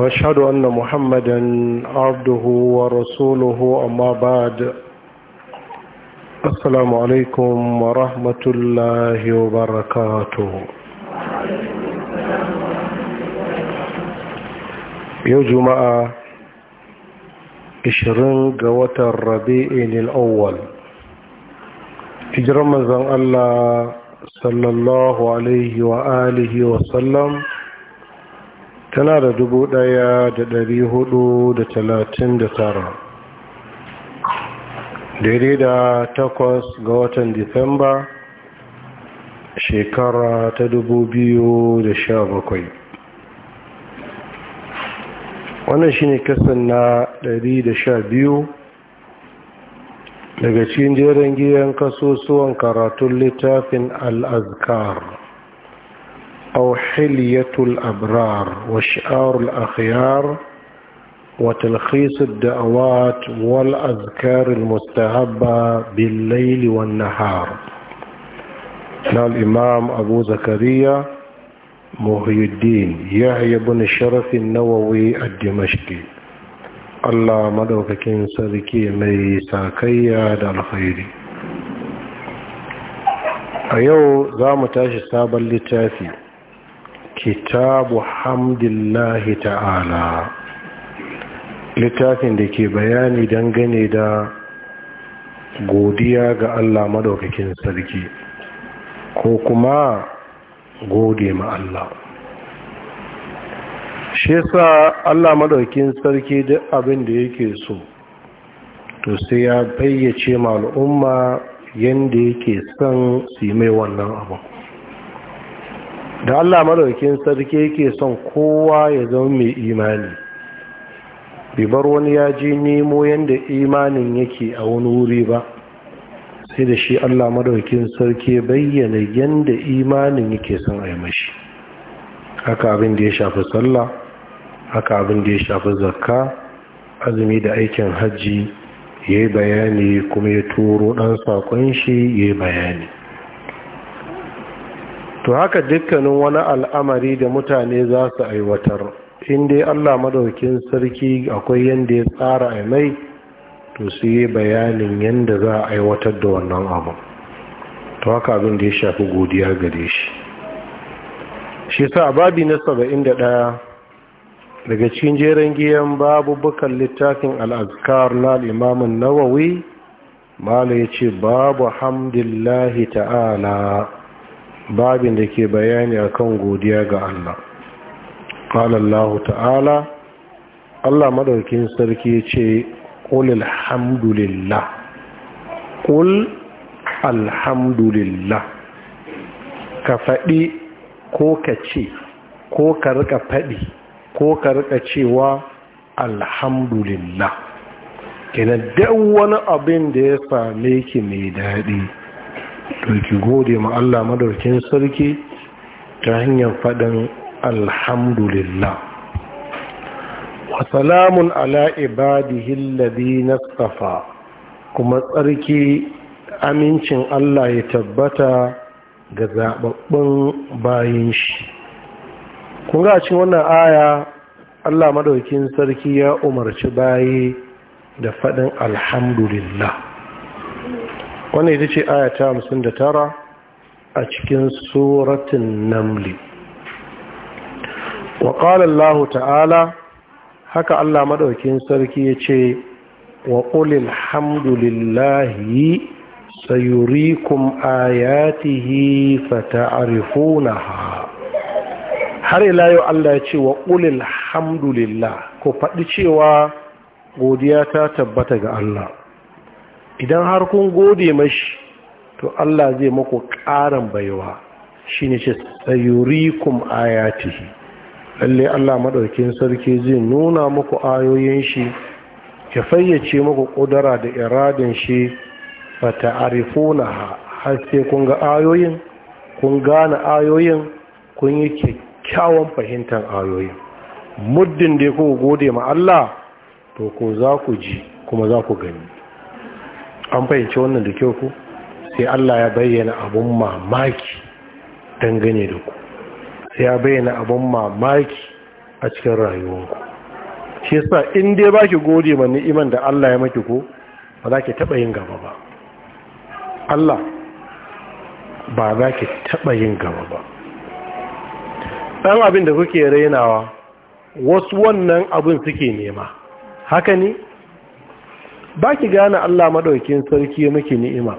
وأشهد أن محمدا عبده ورسوله أما بعد السلام عليكم ورحمة الله وبركاته يوم جمعة 20 قوة الربيع الأول hijirar manzon Allah sallallahu alaihi wa alihi wa sallam tana da dubu ɗaya da dari hudu da talatin da tara daidai da takwas ga watan disamba shekara ta dubu biyu da sha bakwai wannan shine kasan na dari da sha biyu daga cikin jerin giyan kasusuwan karatun littafin al'azkar أو حلية الأبرار وشعار الأخيار وتلخيص الدعوات والأذكار المستهبة بالليل والنهار قال الإمام أبو زكريا مهي الدين يحيى بن الشرف النووي الدمشقي الله كين سركي مي ساكيا دا الخير أيو زامتاش سابا لتافي kitabu hamdillahi ta'ala littafin da ke bayani dangane da godiya ga Allah madaukakin sarki ko kuma gode ma Allah shi sa Allah madaukakin sarki duk abin da yake so to sai ya bayyace ma al'umma yanda yake son su yi mai wannan abu da Allah maraukin sarki yake son kowa ya zama mai imani bar wani ya ji nemo yadda imanin yake a wani wuri ba sai da shi Allah maraukin sarki bayyana yadda imanin yake son aimashi. mashi haka abin da ya shafi sallah haka abin da ya shafi zakka azumi da aikin hajji ya yi bayani kuma ya turo ɗan saƙon shi ya yi bayani to haka dukkanin wani al'amari da mutane za su aiwatar inda dai allah madaukin sarki akwai yadda ya tsara a mai to su yi bayanin yadda za a aiwatar da wannan abu to haka abin da ya shafi godiya gare shi shi sa babi na saba'in da ɗaya daga cikin jeren giyan babu bukan littafin al'azkar na al'imamin nawawi mala ya ce babu hamdillahi ta'ala babin da ke bayani a kan godiya ga Allah قال ta'ala Allah maɗaukin sarki ce ƙulil hamdulillah ƙul alhamdulillah ka faɗi ko ka ce ko ka rika faɗi ko ka rika cewa alhamdulillah Kina duk wani abin da ya same ki mai daɗi to gode ma Allah madaukin sarki ta hanyar faɗin alhamdulillah wa salamun ala ibadihi alladhi istafa kuma tsarki amincin Allah ya tabbata ga zababbin bayin shi kun ga cikin wannan aya Allah madaukin sarki ya umarci bayi da faɗin alhamdulillah wannan ita ce ayata hamsin da tara a cikin suratun namli wa Allah ta'ala haka allah maɗaukin sarki ya ce wa ƙulil hamdulillahi sayurikum ayatihi ha har ila yau allah ya ce wa ƙulil ko faɗi cewa godiya ta tabbata ga allah idan har kun gode mashi to Allah zai maku ƙaran baiwa shi ne ce kum ayatihi lalle Allah maɗaukin sarki zai nuna muku ayoyin shi ya fayyace muku ƙudura da iradin shi ba ta'arifuna har sai kun ga ayoyin kun gane ayoyin kun yi kyakkyawan fahimtar ayoyin muddin da ya kuka gode ma Allah to ko za ku ji kuma za ku gani an fahimci wannan da kyau ku sai Allah ya bayyana abun mamaki dangane da ku sai ya bayyana abun mamaki a cikin rayuwanku shi yasa in dai baki gode ma ni'iman da Allah ya maki ko ba za ki taba yin gaba ba Allah ba za ki taba yin gaba ba ɗan abin da kuke rainawa wasu wannan abin suke nema haka ne ba ki gane Allah maɗaukin sarki maki ni'ima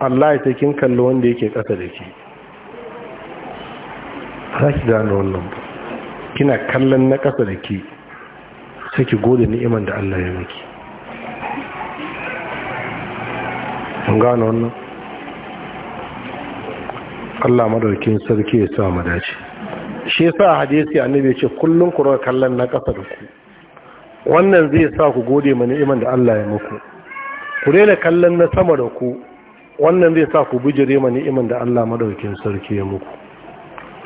Allah ya kin kalli wanda yake ƙasa da ke za ki gane wannan ba kina kallon na ƙasa da ke sai ki gode ni'iman da Allah ya maki mun gane wannan Allah maɗaukin sarki ya sa madaci dace shi sa hadisi annabi ya ce kullum ku kallon na ƙasa da ku wannan zai sa ku gode ma ni'iman da Allah ya muku ku daina kallon na sama da ku wannan zai sa ku bijire ma ni'iman da Allah madaukin sarki ya muku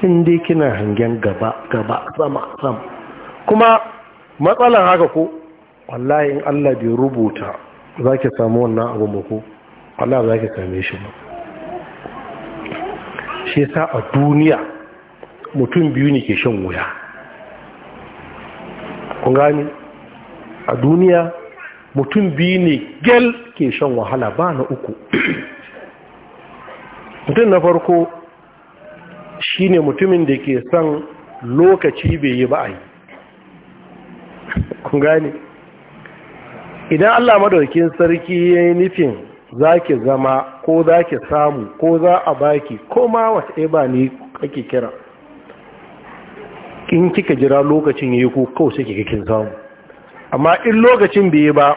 tun dai kina hangen gaba gaba sama sama kuma matsalan haka ko wallahi in Allah bai rubuta zaki samu wannan abu muku Allah za zaki same shi ba shi sa a duniya mutum biyu ne ke shan wuya kun gani a duniya mutum biyu ne gel ke shan wahala ba na uku mutum na farko shi ne mutumin da ke son lokaci bai yi ba a yi kun gane idan allah madaukin sarki ya yi nufin za ki zama ko za ki samu ko za a baki ko ma wata ba ne kake kira in kika jira lokacin ya yi ko kawai sai kika kin samu amma in lokacin bai yi ba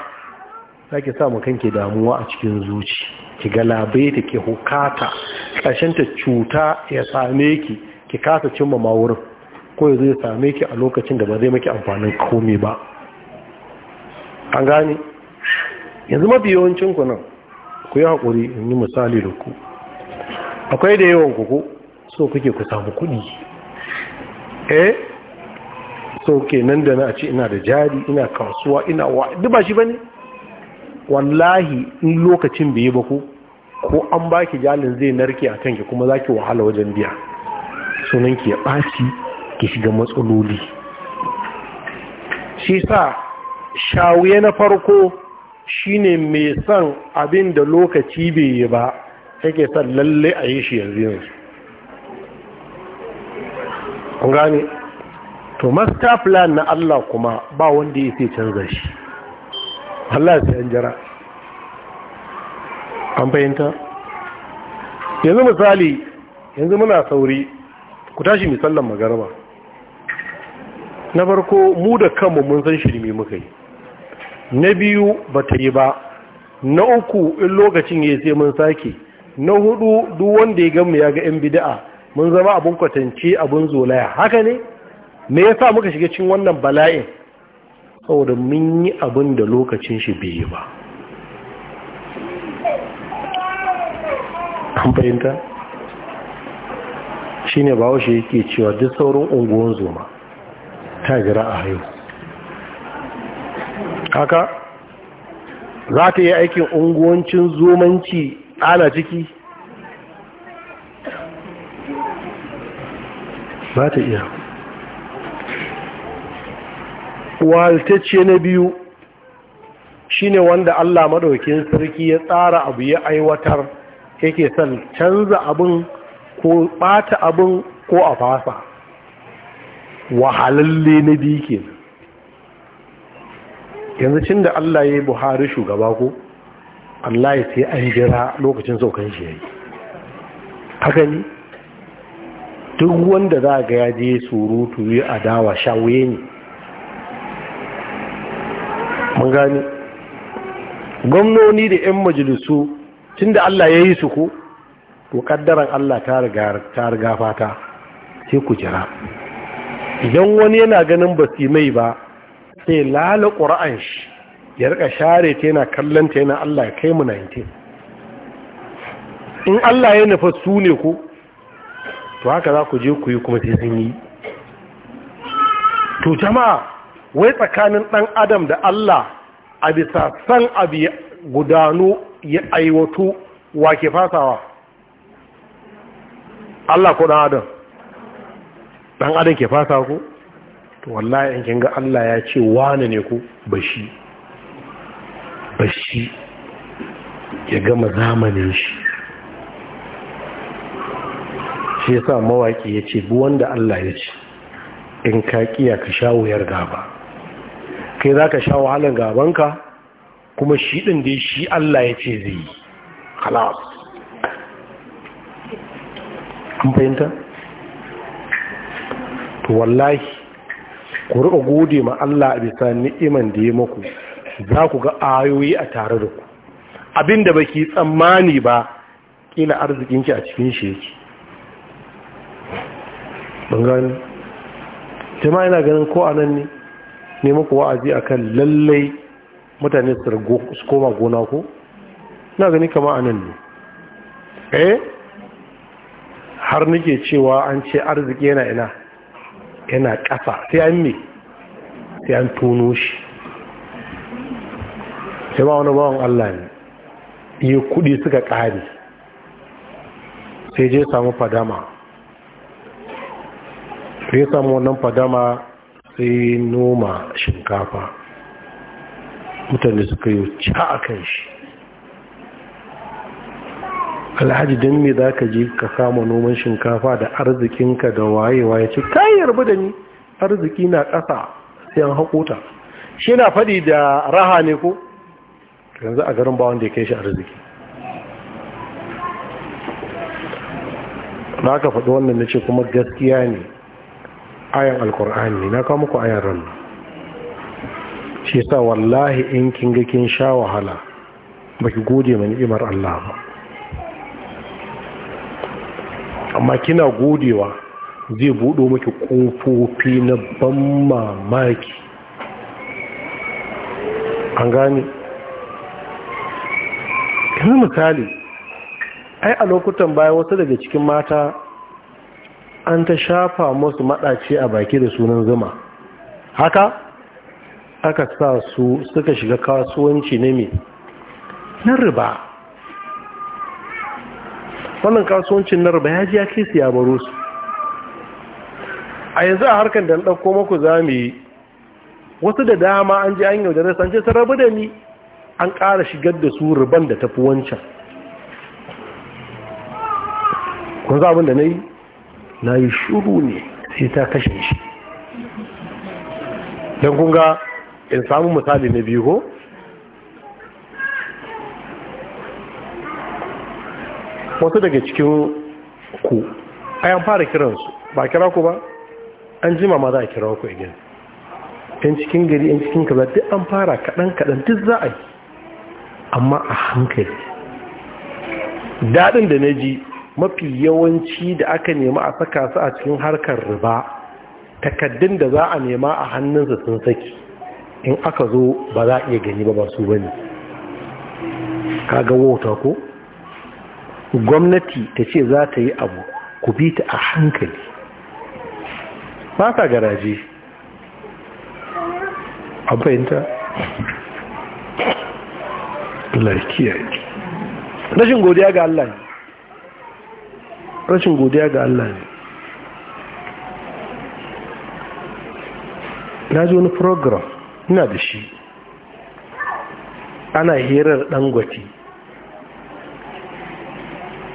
za ki samu kanki damuwa a cikin zuci ki galabe ta ki hukata ƙarshen ta cuta ya same ki ki kasa cimma ma wurin ko ya zai same ki a lokacin da ba zai maki amfanin komi ba an gane yanzu mafi yawancin ku nan ku yi haƙuri in yi misali da ku akwai da yawan ku so kuke ku samu kuɗi eh sauke nan da na ce ina da jari ina kasuwa ina wa duk ba shi ba ne wallahi in lokacin bai yi ba ko ko an baki jalin zai narke a kanki kuma za ki wahala wajen biya Sunan ki ya ɓaci ki shiga matsaloli shi sa shawuye na farko shine mai son abin da lokaci bai yi ba yake son lalle a yi shi yanzu yanzu gane to master plan na Allah kuma ba wanda ya fi canza shi Allah sai an jira an fahimta yanzu misali yanzu muna sauri ku tashi misallan magaraba na farko mu da kanmu mun san shirme muka yi na biyu ba ta yi ba na uku in lokacin ya sai mun sake na hudu duk wanda ya gamu ya ga 'yan bida'a mun zama abin kwatance abin zolaya haka ne me ya sa muka shiga cin wannan bala'in saboda mun yi abin da lokacin shi bai ba an fahimta shi ne ba washe yake cewa duk saurin unguwan zoma ta jira a hayo haka za ta yi aikin unguwancin zomanci ana ciki ba ta iya waltacce na biyu shine wanda Allah maɗaukin sarki ya tsara abu ya aiwatar yake san canza abin ko bata abin ko a fasa wahalalle na biyu ke yanzu cin da Allah ya yi buhari shugaba ko Allah ya sai an jira lokacin saukan shi ya yi haka ne duk wanda za ga ya je surutu ya adawa shawuye ne mun gani gwamnoni da 'yan majalisu tun da Allah ya yi su ku to kaddaran Allah ta riga fata sai ku jira idan wani yana ganin ba su mai ba sai lala ƙura'an shi ya rika share ta yana kallon yana Allah ya kai mu 19 in Allah ya nufa su ne ku to haka za ku je ku yi kuma sai sun yi to jama'a wai tsakanin ɗan adam da Allah a bisa san abu gudanu ya aiwatu wa ke fasawa Allah ko ɗan adam ɗan adam ke fasa ku to wallahi in kin ga Allah ya ce wane ne ku bashi bashi ya gama zamanin shi shi yasa mawaki ya ce wanda Allah ya ce in ka kiya ka sha wuyar gaba kai za ka sha gaban ka kuma shi ɗin da shi Allah ya ce zai yi halas an fahimta? to wallahi ku riƙa gode ma Allah a bisa ni'iman da ya maku za ku ga ayoyi a tare da ku abinda ba ki tsammani ba kila arzikinki a cikin shi yake ban gani jama'a yana ganin ko nan ne ne muku wa'azi kan lallai mutane su koma gona ko na gani kama a nan ne eh har nake cewa an ce arziki yana ina yana ƙasa sai an me sai an tono shi sai ma wani bawan Allah ne iya kudi suka ƙari sai je samu fadama sai samu wannan fadama sai noma shinkafa mutane suka yi ca a kan shi alhaji don me za ka je ka kama noman shinkafa da arzikinka da wayewa ya ce kayi yarbu da ni arziki na ƙasa sai an haƙota shi na faɗi da raha ne ko yanzu a garin bawon da ya kai shi arziki na aka faɗi wannan na ce kuma gaskiya ne ayan alkur'ani na kawo muku ayan ran shi sa wallahi in kin ga kin sha wahala ba ki gode ma ni'imar Allah ba amma kina godewa zai buɗo maki ƙofofi na ban mamaki an gane yanzu misali ai a lokutan baya wasu daga cikin mata an ta shafa musu maɗaci a baki da sunan zuma haka aka sa su suka shiga kasuwanci na me na riba wannan kasuwancin na riba ya ji ya ke su ya baro su a yanzu a harkar da ɗauko maku za mu yi wasu da dama an ji an da yaudare an ce ta rabu da ni an ƙara shigar da su riban da tafi wancan kun za abin da na yi na yi shuru ne sai ta kashe shi don kunga in samu misali na biyu ko wasu daga cikin ku a yan fara kiransu ba kira ku ba an jima ma za a kira ku igin yan cikin gari yan cikin kaza duk an fara kaɗan-kaɗan duk za a yi amma a hankali daɗin da na ji mafi yawanci da aka nema a saka su a cikin harkar riba takaddun da za a nema a hannunsa sun saki in aka zo ba za a iya gani ba ba su bane kaga wauta ko gwamnati ta ce za ta yi abu ku bi ta a hankali ba ta garaje abinta fahimta lafiya rashin godiya ga Allah ne rashin godiya ga Allah ne na ji wani program ina da shi ana hirar dangote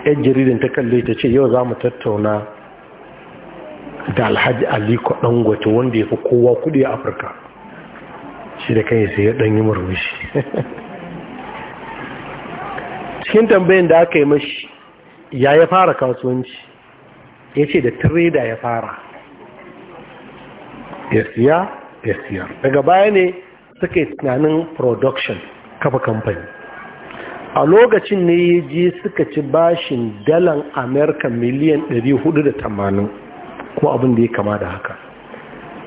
yan jaridan ta kalle ta ce yau za mu tattauna da alhaji aliko dangote wanda ya fi kowa kudi a afirka shi da kai sai ya danyi murmushi cikin tambayin da aka yi mashi ya ya fara kasuwanci ya ce da trader ya fara ya siya ya siya daga baya ne suka yi tunanin production kafa kamfani a lokacin ne ya ji suka ci bashin dalan amerika miliyan 480 ko abin da ya kama da haka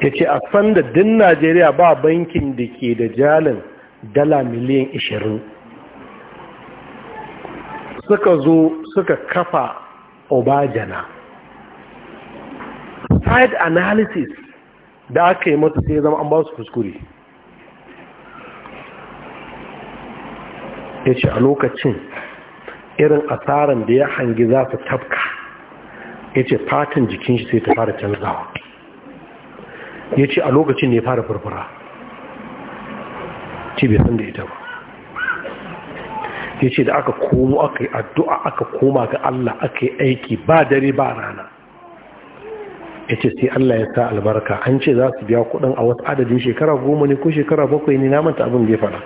ya ce a sanda din najeriya ba bankin da ke da jalin dala miliyan 20 suka zo suka kafa obajana side analysis da aka yi mata sai zama an ba su kuskure ya ce a lokacin irin asaran da ya hangi za su tafka ya ce fatan jikin shi sai ta fara canzawa ya ce a lokacin ne ya fara furfura ce bai san da ita ba ya ce da aka komo aka yi addu'a aka koma ga Allah aka yi aiki ba dare ba rana ya ce sai Allah ya sa albarka an ce za su biya kudin a wata adadin shekara goma ne ko shekara bakwai ne namanta abin da ya fara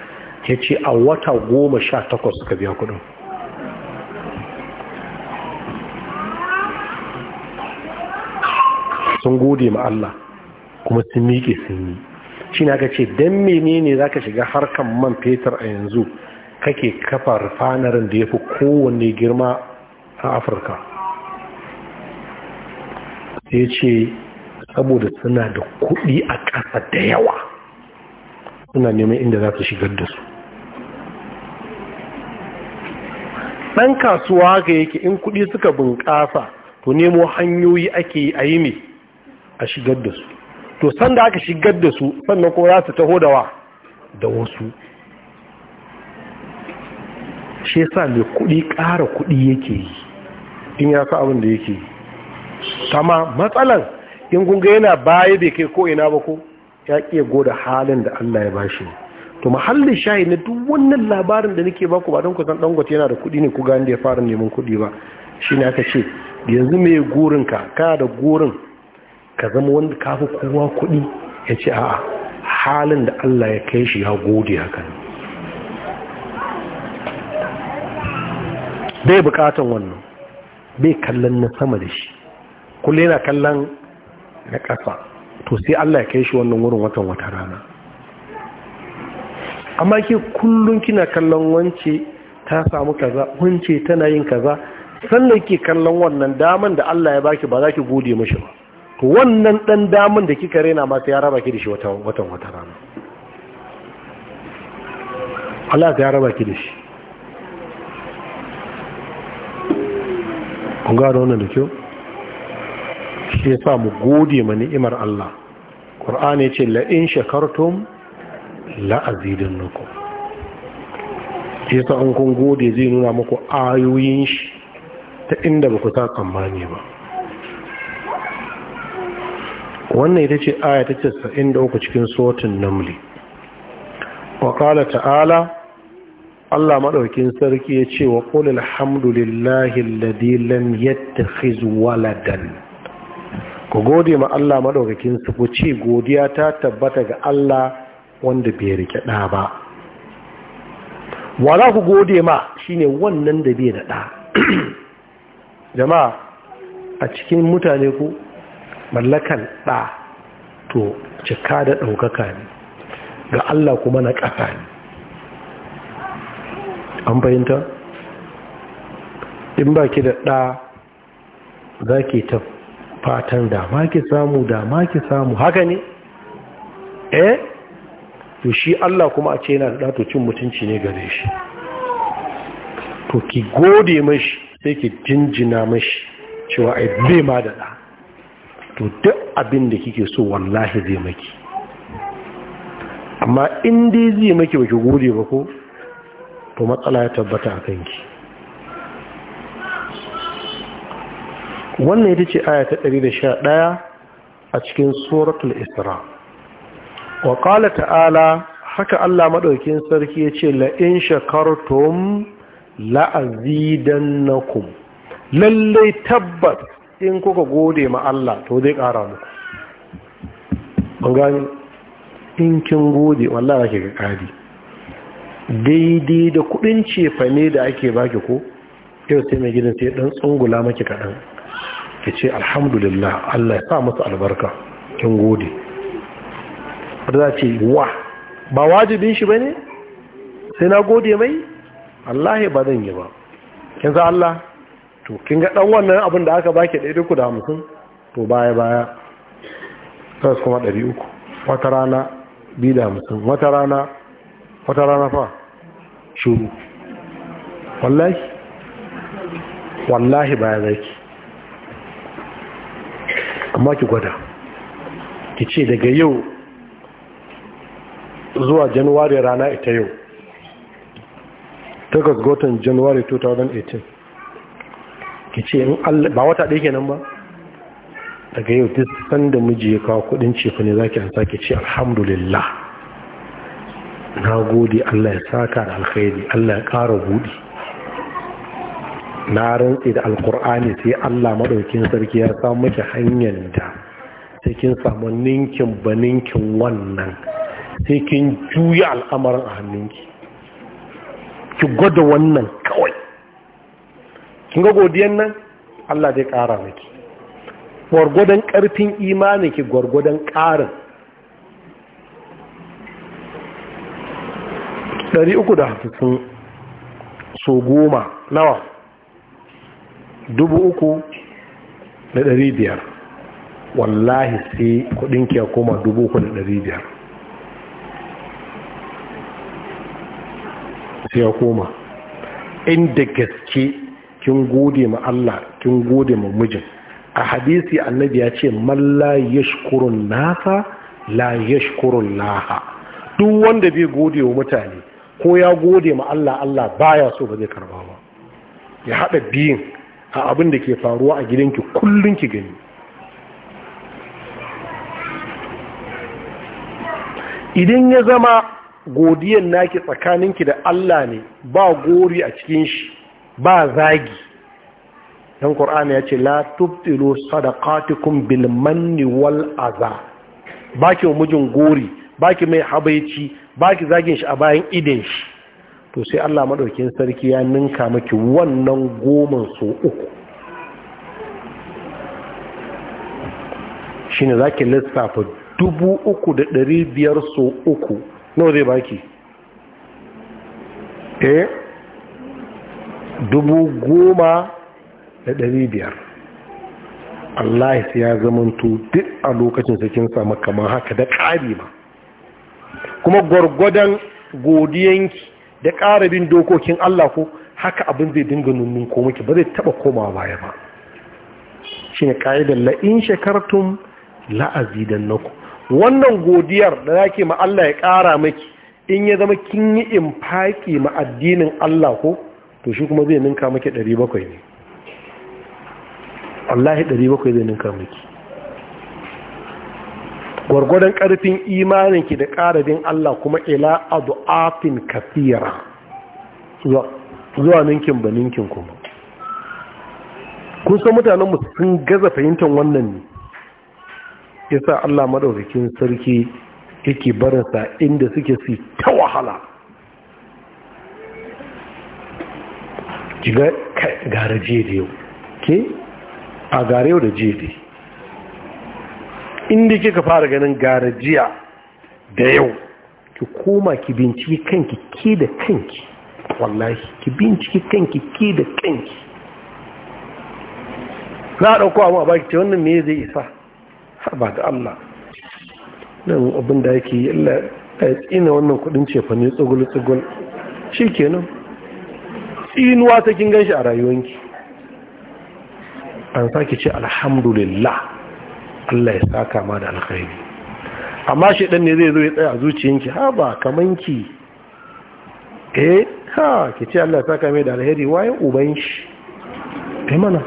ya ce a wata goma sha takwas suka biya kudin sun gode ma Allah kuma sun miƙe sun yi shi na ka ce don menene za ka shiga harkan man fetur a yanzu kake kafa rufanarin da ya fi kowanne girma a afirka Ya ce saboda suna da kuɗi a ƙasa da yawa suna neman inda za su shigar da su ɗan kasuwa ga yake in kuɗi suka bunƙasa to nemo hanyoyi ake yi a yi ne a shigar da su to sanda aka shigar da su sannan ko za su taho da wa da wasu shi yasa mai kudi ƙara kudi yake yi in ya sa abin da yake yi kama matsalan in gunga yana baya bai kai ko ina ba ko ya ƙiya goda halin da Allah ya bashi to mahallin shayi na duk wannan labarin da nake baku ba don ku san dangote yana da kuɗi ne ku gani da ya fara neman kuɗi ba shi ne aka ce yanzu mai gurin ka kana da gurin ka zama wanda ka fi kowa kuɗi ya ce a'a halin da Allah ya kai shi ya gode haka bai bukatan wannan bai kallon na sama da shi kullum yana kallon na ƙasa to sai Allah ya kai shi wannan wurin watan wata rana amma ke kullum kina kallon wance ta samu kaza wance tana yin kaza sannan ke kallon wannan daman da Allah ya baki ba za ki gode mashi ba to wannan dan daman da kika rena ma sai ya raba ki da shi watan wata rana Allah ya raba ki da shi gano wannan da kyau shi ya sa mu gode ma ni'imar Allah Ƙur'ani ya ce la la'azidin nuku shi ya sa an kun gode zai nuna muku ayoyin shi ta inda ba ku ta tsammani ba wannan ita ce aya ta 93 cikin sotin namli. wa ƙala ta'ala Allah maɗaukin sarki ya ce wa ƙulil alhamdulillahi alladhi lam yattakhiz waladan ku gode ma Allah maɗaukakin su ku ce godiya ta tabbata ga Allah wanda bai rike ɗa ba wala ku gode ma shine wannan da bai da ɗa jama'a a cikin mutane ku mallakan ɗa to cika da ɗaukaka ne ga Allah kuma na ƙasa ne an fahimta in baki da ɗa za ki ta fatan dama ki samu dama ki samu haka ne eh to shi Allah kuma a ce yana da ɗa cin mutunci ne gare shi to ki gode mashi sai ki jinjina mashi cewa ai yi ma da ɗa to duk abin da kike so wallahi zai maki amma in dai zai maki baki gode ba ko to matsala ya tabbata a kanki wannan ita ce aya ta 111 a cikin suratul isra wa qala ta'ala haka Allah maɗaukin sarki yace la in shakartum la azidannakum lalle tabbat in kuka gode ma Allah to zai kara muku ban gani in kin gode wallahi kake ga kadi daidai da kudin cefane da ake baki ko yau sai mai gidan sai dan tsungula maki kaɗan ki ce alhamdulillah Allah ya sa musu albarka kin gode za ce wa ba wajibin shi ba ne? sai na gode mai Allah ba zan yi ba kin sa Allah to kin ga dan wannan abin da aka baki ɗaya ku da hamsin to baya baya tas kuma ɗari uku wata rana biyu da hamsin wata rana wata rana fa shuru wallahi wallahi baya zaki amma ki gwada ki ce daga yau zuwa januwari rana ita yau ta gasgotan januwari 2018 ki ce ba wata ɗaya kenan ba daga yau duk sanda miji ya kawo kudin cefane za ki an sake ce alhamdulillah na gode Allah ya saka da alkhairi Allah ya ƙara buɗi na rantse da alkur'ani sai Allah maɗaukin sarki ya samu miki hanyar da sai kin samu ninkin ba ninkin wannan sai kin juya al'amarin a hannunki ki gwada wannan kawai kin ga godiyan nan Allah zai ƙara miki gwargwadon ƙarfin imanin ki gwargwadon ƙarin 350 so goma nawa 3,500 wallahi sai kudin ya koma 3,500 sai ya koma inda gaske kin gode ma Allah kin gode ma mijin a hadisi annabi ya ce malla yashkurun nasa la yashkurun laha duk wanda bai gode wa mutane ko ya gode ma Allah Allah baya so ba zai karba ba ya haɗa biyun a abin da ke faruwa a gidanki kullun ki gani idan ya zama godiyan naki tsakaninki da Allah ne ba gori a cikin shi ba zagi dan qur'ani ya ce la tubtilu sadaqatukum bil manni wal baki mijin gori baki mai habaici ba ki zagin shi a bayan idin shi to sai Allah maɗaukin sarki ya ninka maki wannan goma so uku shi ne za ki lissafa dubu uku da ɗari biyar so uku nawa zai baki eh dubu goma da ɗari biyar Allah ya zamanto duk a lokacin sakin samu kamar haka da ƙari ba kuma gwargwadon godiyanki da ƙarabin dokokin Allah ko haka abin zai dinga nunnun ko muke ba zai taɓa koma baya ba shine ka'idar la'in shekartun la'azi don naku? wannan godiyar da za ma Allah ya ƙara maki, in ya zama kin yi in ma addinin Allah ko to shi kuma zai ninka maki 700 ne wallahi 700 zai ninka maki. gwargwadon ƙarfin imaninki da bin Allah kuma ila adu'afin kafira zuwa ninkin ba ninkin kuma kun san mutanenmu sun gaza fahimtar wannan ne yasa Allah madaukakin sarki yake barinsa inda suke su ta wahala ga gare da yau ke a gare yau da jede inda kika fara ganin garajiya da yau ki koma ki binciki kanki ke da kanki wallahi ki binciki kanki ke da kanki za a ɗauko abu a baki ce wannan me zai isa ba da Allah nan abin da yake yi Allah ya tsina wannan kudin cefa ne tsugul-tsugul shi kenan tsinuwa ta kin gan shi a rayuwanki an sake ce alhamdulillah Allah ya saka ma da alkhairi amma shi dan ne zai zo ya tsaya a ha ba kamanki eh ha ki ce Allah ya saka mai da alkhairi waye uban shi kai eh, mana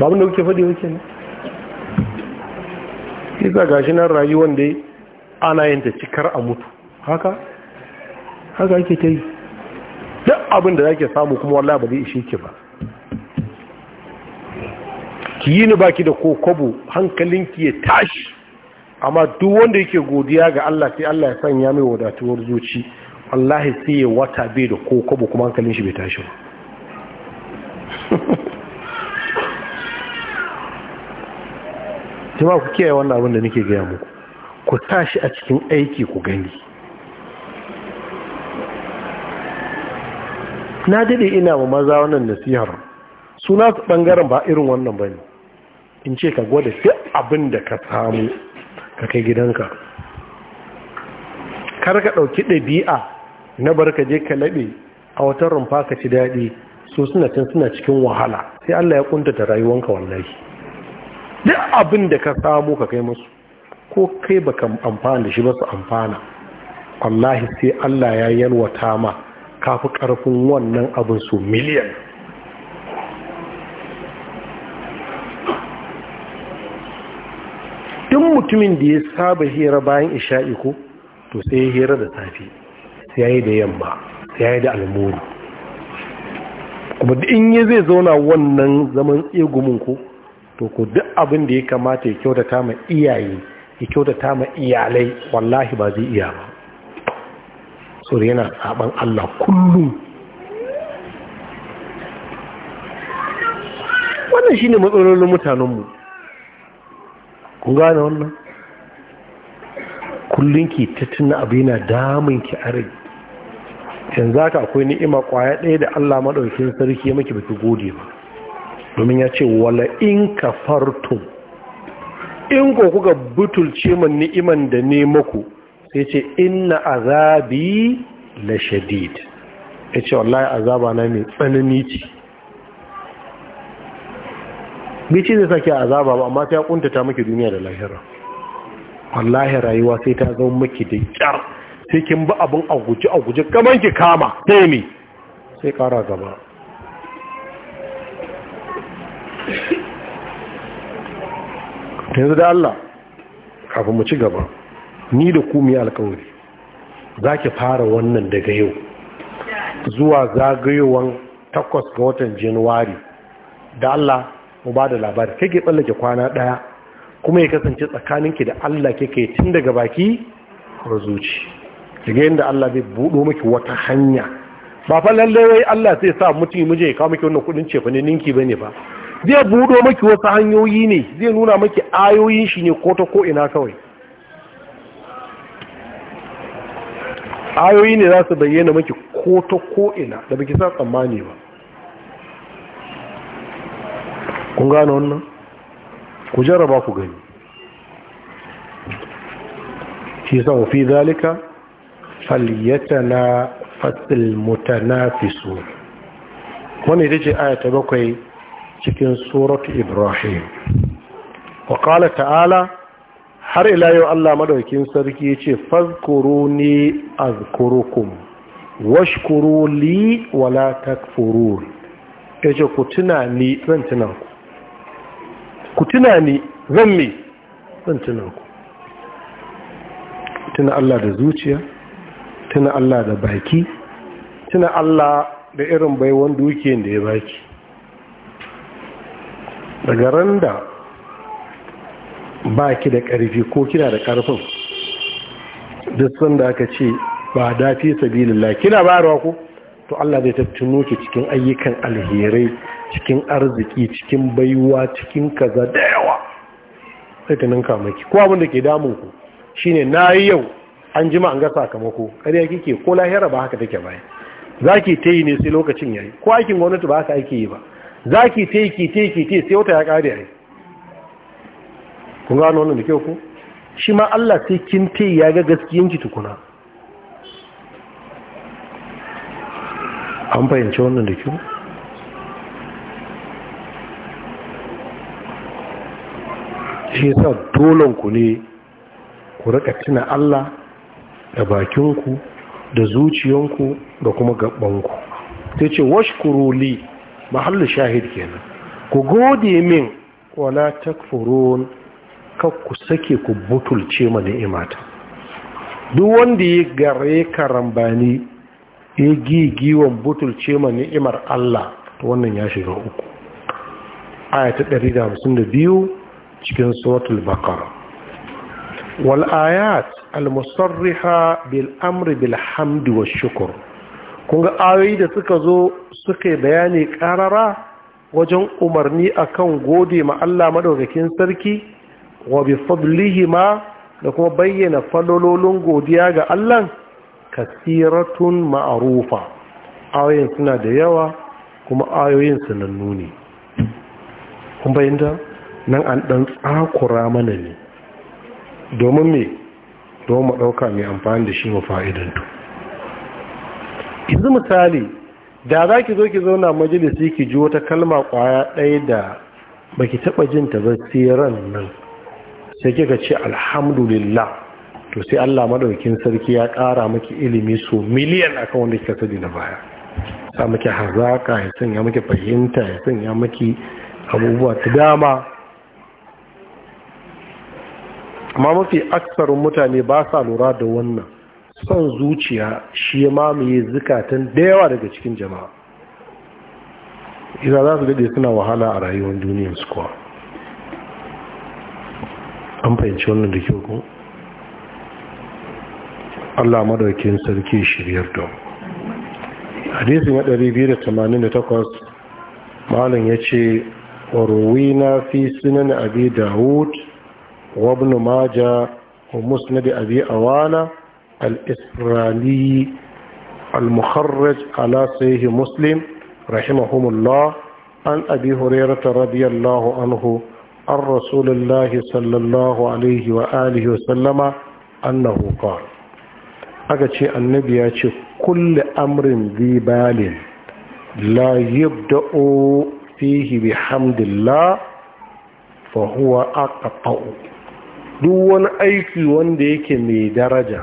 ba abin da kuke faɗi wuce ne isa gashi nan rayuwan dai ana yin ta cikar a mutu haka haka ake ta yi duk abin da zake samu kuma wallahi ba zai ishe ki ba ki yi ni baki da kokobo hankalinki ya tashi amma duk wanda yake godiya ga Allah sai Allah ya sanya mai wadatuwar zuci wallahi sai ya wata bai da kokobo kuma hankalin shi bai tashi ba jama'a ku kiyaye wannan abin da nake gaya muku ku tashi a cikin aiki ku gani na dade ina ma maza wannan nasihar suna ɓangaren ba irin wannan ba ne in ce ka gwada fi abin da ka samu ka kai gidanka kar ka ɗauki ɗabi'a na barka je ka laɓe a wata rumfa ka ci daɗi so suna can suna cikin wahala sai Allah ya kuntata rayuwanka wallahi duk abin da ka samu ka kai musu ko kai baka amfana da shi ba su amfana wallahi sai Allah ya yalwata ma kafi karfin wannan abin su miliyan duk mutumin da ya saba hira bayan isha'i ko to sai ya hira da safe sai ya yi da yamma sai ya yi da almuru kuma in ya zai zauna wannan zaman tsegumin ko to ko duk abin da ya kamata ya kyautata ma iyaye ya kyautata ma iyalai wallahi ba zai iya ba so yana saban Allah kullum wannan shine matsalolin mutanenmu kun gane wannan kullum ki ta tuna abu yana damun ki a rai za haka akwai ni'ima kwaya ɗaya da Allah maɗaukin sarki ya maki baki gode ba domin ya ce wala in ka farto in ko kuka butulce man ni'iman da ne maku sai ce inna azabi la shadid ya ce wallahi azaba na mai tsanani ce bici ce zai saki azaba ba amma ta kuntata miki duniya da lahira wallahi rayuwa sai ta zama miki da kyar sai kin ba abun a guje a guje kaman ki kama sai me sai kara gaba yanzu da Allah kafin mu ci gaba ni da ku mu alƙawari, za ki fara wannan daga yau zuwa zagayowan takwas ga watan januwari da Allah mu ba da labari kake tsallake kwana ɗaya kuma ya kasance tsakanin tsakaninki da Allah kake tun daga baki har zuci daga yadda Allah zai buɗo miki wata hanya ba fa lallai wai Allah zai sa mutum muje ya kawo miki wannan kudin cefa ne ninki bane ba zai buɗo miki wasu hanyoyi ne zai nuna miki ayoyin shi ne ko ta ko ina kawai ayoyi ne za su bayyana miki ko ta ko ina da baki sa tsammani ba kun gane wannan ku jarraba ku gani shi sa fi zalika na fasil mutanafisu wani ita ce aya bakwai cikin surat ibrahim wa ta'ala har ila yau Allah madaukin sarki ya ce fazkuruni azkurukum washkuru li wala Ya ce ku tuna ni zan tunanku ku tuna ni zan me zan tuna ku tuna Allah da zuciya tuna Allah da baki tuna Allah da irin baiwan yake da ya baki daga ran da baki da ƙarfi ko kina da ƙarfin duk sanda aka ce ba dafi sabilillah kina bayarwa ko to Allah zai tattuno ki cikin ayyukan alherai cikin arziki cikin baiwa cikin kaza da yawa sai ta ninka maki ko abin da ke damun ku shine nayi yau an jima an ga sakamako yake ke ko lahira ba haka take baya zaki ta yi ne sai lokacin yayi ko aikin gwamnati ba haka ake yi ba zaki ta yi ki ta yi ki ta yi sai wata ya kare ai kun gano wannan da kyau ko shi ma Allah sai kin ta ya ga gaskiyanki tukuna an fahimci wannan da kyau shi sa dolonku ne ku raka tuna Allah da bakinku da zuciyanku da kuma gabanku sai ce washkuru li mahallu shahid kenan ku gode min wala takfurun ka ku sake ku butulce ma ni'imata duk wanda ya gare karambani ya butul ce ma ni'imar Allah ta wannan ya shiga uku ayata 152 cikin suratul baqara wal ayat al musarriha bil amri bil hamdi wash shukr kun ga ayoyi da suka zo suka bayani karara wajen umarni akan gode ma Allah madaukakin sarki wa bi fadlihi ma da kuma bayyana falololin godiya ga Allah kasiratun ma'arufa ayoyin suna da yawa kuma ayoyin sanannu ne Kuma bayyanta nan an ɗan tsakura mana ne domin me domin maɗauka, mai amfani da shi wa fa'idantu izu misali da za ki zo ki zauna majalisi ki ji wata kalma ƙwaya ɗaya da baki taɓa jin ta ba siran nan sai kika ce alhamdulillah to sai Allah maɗaukin sarki ya ƙara maki ilimi su miliyan akan wanda kika sadi na baya sa maki hazaka ya sanya maki fahimta ya sanya maki abubuwa ta dama amma mafi aksarin mutane ba sa lura da wannan son zuciya shi ya mamaye zukatan da yawa daga cikin jama'a idan za su daɗe suna wahala a rayuwar duniyar su kuwa an fahimci wannan da kyau kuma Allah madaukin sarki shiryar da Hadisin na 288 malin yace warwina fi sunan abi daud Wabnu Maja, majah wa musnad abi awana al-israli al al-muharraj, ala sahih muslim rahimahumullah an abi hurairah radiyallahu anhu an رسول sallallahu alaihi wa alihi وآله sallama أنه قال aka ce annabi ya ce kulle amrin zibalin la yabda'u fihi bihamdillah fa huwa aqta'u duk wani aiki wanda yake mai daraja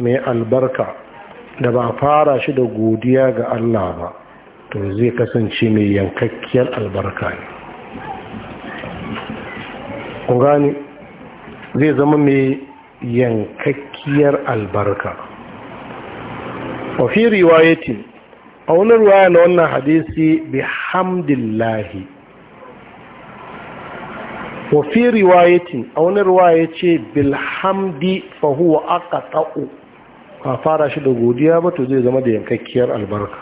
mai albarka da ba fara shi da godiya ga Allah ba to zai kasance mai yankakkiyar albarka ne ku gani zai zama mai yankakkiyar albarka wafi riwayatin a wani ruwaya na wannan hadisi bi hamdillahi wafi riwayatin a wani ruwaya ce bilhamdi fahuwa aka ta'u a fara shi da godiya ba to zai zama da yankakkiyar albarka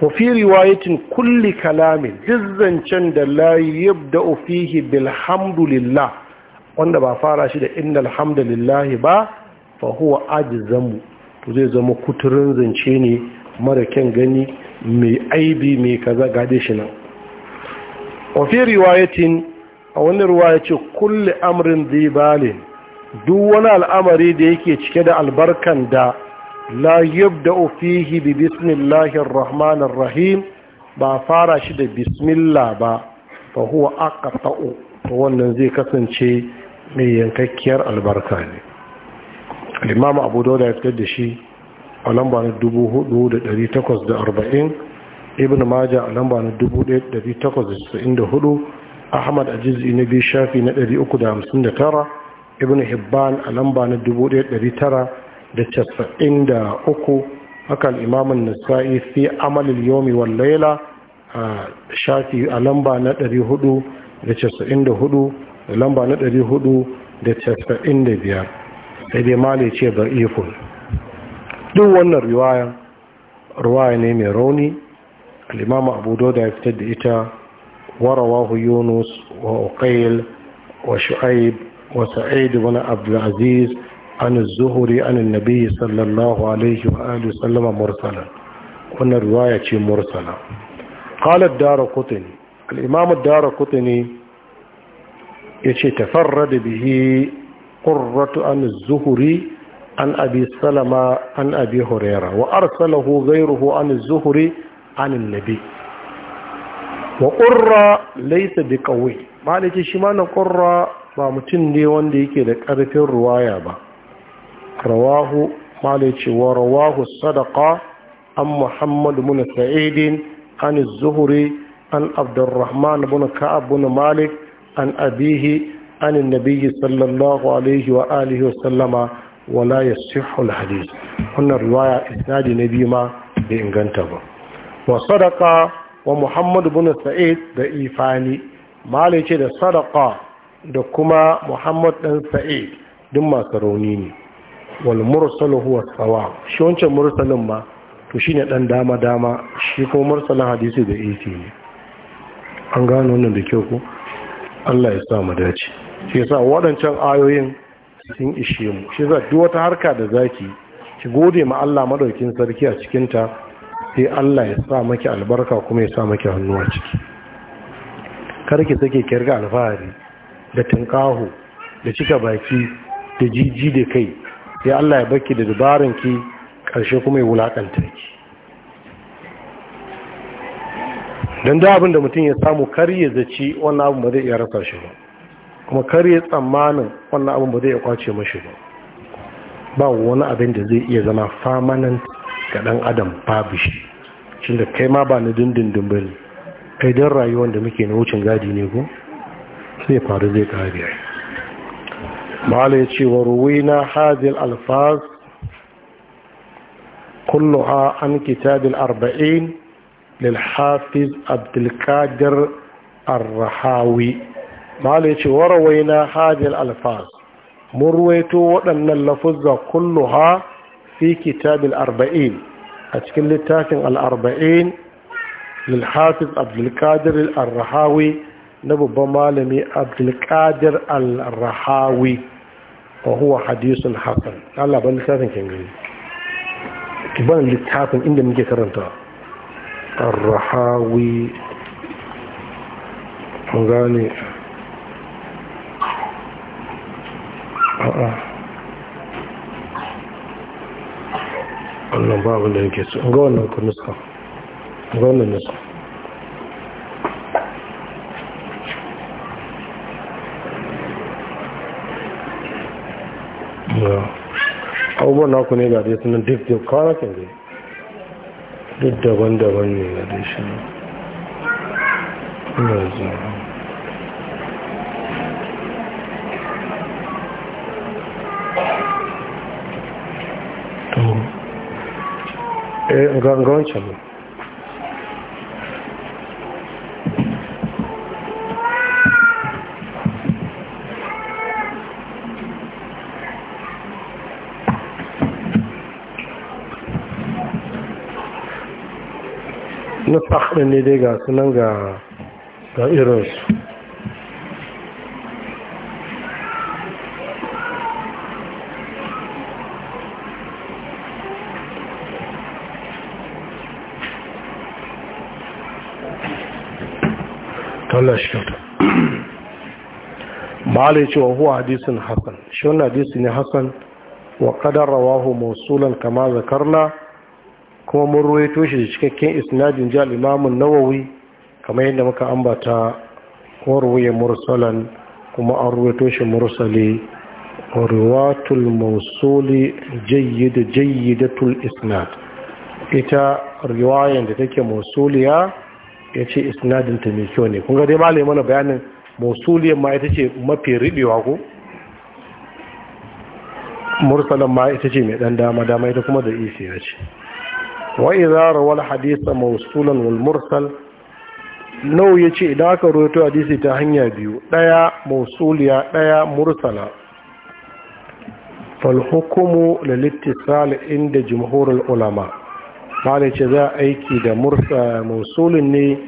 wafi riwayatin kulli kalamin dizzancen da layi yabda ofihi bilhamdulillah wanda ba fara shi da inda alhamdulillahi ba fahuwa ajizamu zai zama kuturin zance ne mara kyan gani mai aibi mai kaza gade shi nan wafi riwayatin a wani ruwaya ce kulle amrin zibalin duk wani al'amari da yake cike da albarkan da la da ofihi bi bismillahir rahmanir rahim ba fara shi da bismillah ba fa huwa aqta'u ta wannan zai kasance mai yankakkiyar albarka ne imam abu dauda ya fitar da shi a lamba na 4840 ibn maja a lamba na 1894 ahmad a na biyu shafi na 359 ibn hibban a lamba na 1993 haka al'imamin nasa'i fi amalil yomi wal laila a shafi a lamba na 494 da lamba na 495 sai dai mali ce da ifun duk wannan riwaya riwaya ne mai rauni al'imama abu doda ya fitar da ita warawahu yunus wa uqail wa shu'aib wa sa'id ibn abdul aziz عن الزهري عن النبي صلى الله عليه وآله Mursala. مرسلا وانا رواية مرسلة قال الدار قطني الإمام الدار قطني به Ƙurratu an zuhuri an abi salama an abi huraira wa arsalahu ghayruhu an zuhuri an nabi wa qurra laysa biqawi malaki shi ma na qurra ba mutum ne wanda yake da karfin ruwaya ba rawahu malaki wa rawahu sadaqa an muhammad bin sa'id an zuhuri an abdurrahman bin ka'ab bin malik an abihi عن النبي صلى الله عليه وآله وسلم ولا يصح الحديث هنا رواية إسناد نبي ما بإنغانتبه وصدق ومحمد بن سعيد ضعيفاني ما ليش ده صدق da kuma muhammad dan sa'id duk masu rauni ne wal mursal huwa sawa shi wancan mursalin ma to shine dan dama dama shi ko mursalin hadisi da isi ne an gano wannan da kyau ko Allah ya sa mu dace shi yasa waɗancan ayoyin sun ishe mu shi yasa duk wata harka da zaki ki gode ma Allah madaukin sarki a cikin ta sai Allah ya sa maki albarka kuma ya sa maki hannuwa ciki kar ki sake ki riga alfahari da tunkaho da cika baki da jiji da kai sai Allah ya baki da dabaran ki karshe kuma ya wulakanta ki dan da abin da mutum ya samu kar ya zaci wannan abu ba zai iya rasa shi ba kuma kare tsammanin wannan abin ba zai kwace mashi ba ba wani abin da zai iya zama famanin ga dan adam babu shi shi da kai ma ba na dindindin ba ne kai don rayuwar da muke na wucin gadi ne ko sai faru zai kare ma'ala ya ce wa ruwina hazil alfaz كلها an كتاب arba'in lil hafiz abdulkadir الرحاوي malai ce warawai na hajjil alfaz mun ruwaito waɗannan lafuzza ha fi kitabin arba'in a cikin littafin al'arba'in lilhafiz abdulkadir al-rahawi na babban malami abdulkadir al-rahawi wa huwa hadisun hasan Allah ban littafin kin gani ki ban littafin inda muke karanta al rahawi mun gane wannan ba abin da yake su ga wannan ku nuska ga wannan nuska abubuwan naku ne ga dai sunan duk da kwanakin dai duk daban-daban ne ga dai shi ne eh ga wancan mu. na fahimta ne dai ga sunan ga irinsu Allah shi kyauta malai wa huwa hadisin Hassan, shi wannan hadisi ne Hassan wa qadar rawahu mawsulan kama zakarna kuma mun ruwaito shi da cikakken isnadin jihar imamun nawawi kamar yadda muka ambata ko mursalan kuma an ruwaito shi mursali ruwatul mawsuli jayyida jayyidatul isnad ita riwayan da take Musuliya. ya ce isnadinta mai kyau ne kun ga dai malai mana bayanin musuliyar ma ita ce mafi riɓewa ko mursalan ma ita ce mai ɗan dama dama ita kuma da isi ya ce wa izara hadisa mausulan wal mursal nau ya ce idan aka roto hadisi ta hanya biyu ɗaya mausuliya ɗaya mursala falhukumu lalittisal inda jimhurul ulama kare ce za aiki da mursa musulun ne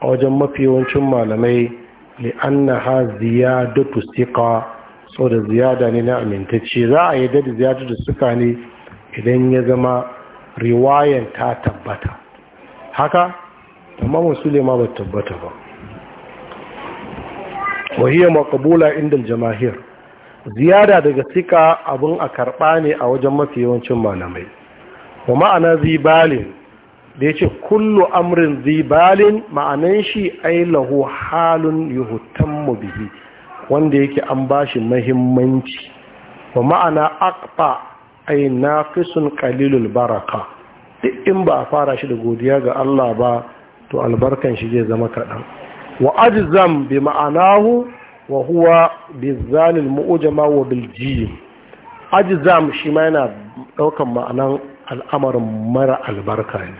a wajen mafi yawancin malamai li'anna ha da siqa sau da ziyada ne na amintacce za a yi da suka ne idan ya zama riwayan ta tabbata haka amma musulun ma ba tabbata ba wahiyar makabula inda jamahir ziyada daga sika abin a karba ne a wajen mafi yawancin malamai wa ma'ana zibalin da ya ce kullu amrin zibalin ma'anan shi ailahu halun mu bihi wanda yake an bashi mahimmanci wa ma'ana akpa ay naqisun kalilul baraka duk in ba a fara shi da godiya ga Allah ba to albarkan shi zai zama kaɗan wa ajzam bi ma'anahu wa huwa bizalil mu'ujama wa bil jim ajzam shi ma yana ɗaukan ma'anan al'amarin mara albarka ne